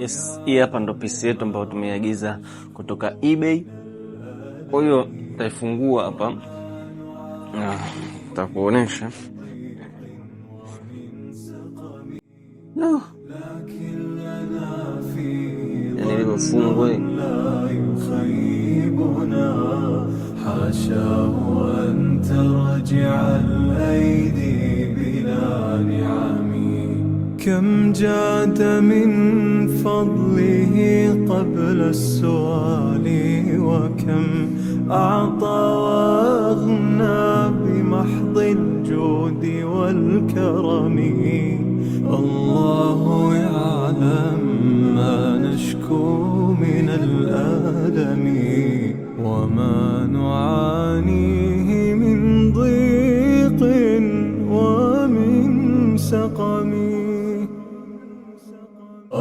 Yes, hii hapa ndo pisi yetu ambayo tumeiagiza kutoka eBay. Kwa hiyo taifungua hapa, takuonesha no. Yani ilivyofungwa كم جاد من فضله قبل السؤال وكم أعطى وأغنى بمحض الجود والكرم الله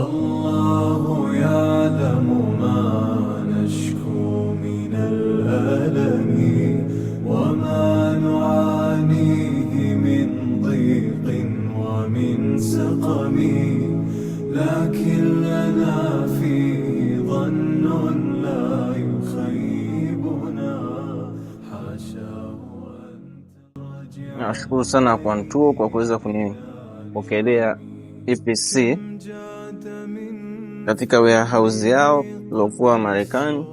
الله يعلم ما نشكو من الألم وما نعانيه من ضيق ومن سقم لكن لنا فيه ظن لا يخيبنا حاشاه أن ترجع Nashukuru sana kwa Ntuo kwa kuweza EPC katika warehouse yao iliokuwa Marekani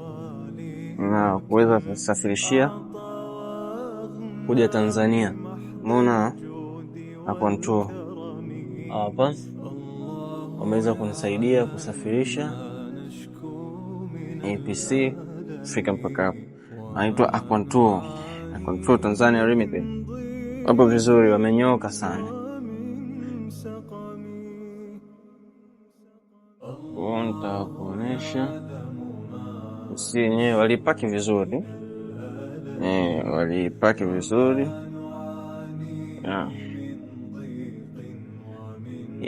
na kuweza kusafirishia kuja Tanzania. Umeona na control hapa wameweza kunisaidia kusafirisha APC kufika mpaka hapo, anaitwa Aquantuo, Aquantuo Tanzania Limited. Wapo vizuri, wamenyoka sana. Kwa nitakuonesha si yenyewe eh, walipaki vizuri e, walipaki vizuri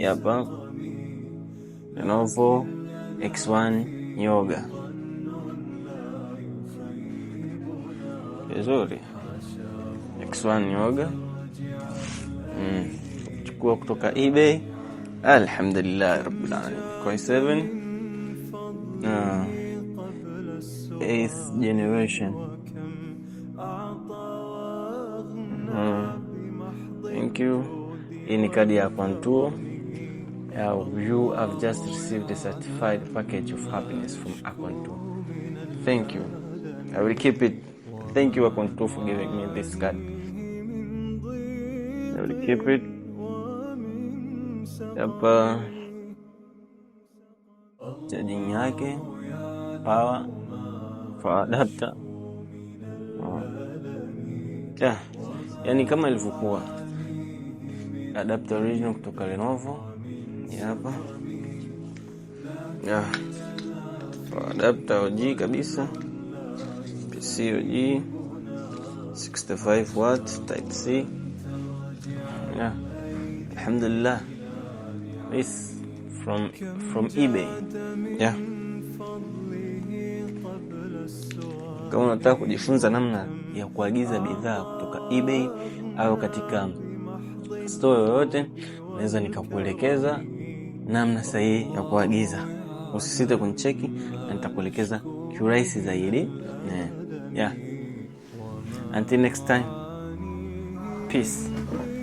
hapa Lenovo X1 Yoga vizuri, X1 Yoga mm. Chukua kutoka eBay. Alhamdulillah Rabbil Alameen. 7, uh, 8th generation. Mm, thank you. Hii ni kadi you have just received a certified package of happiness from Akonto. Thank you. I will keep it. Thank you, Akonto, for giving me this card. I will keep it. siapa chatting yake power faadata ya Yani kama ilivyokuwa adapter original kutoka Lenovo hapa yeah. adapter OG kabisa PC OG 65 watt type C ya Alhamdulillah This from from eBay. Yeah. Kama unataka kujifunza namna ya kuagiza bidhaa kutoka eBay au katika store yoyote, naweza nikakuelekeza namna sahihi ya kuagiza. Usisite kunicheki na nitakuelekeza kiurahisi zaidi. Yeah. Until next time. Peace.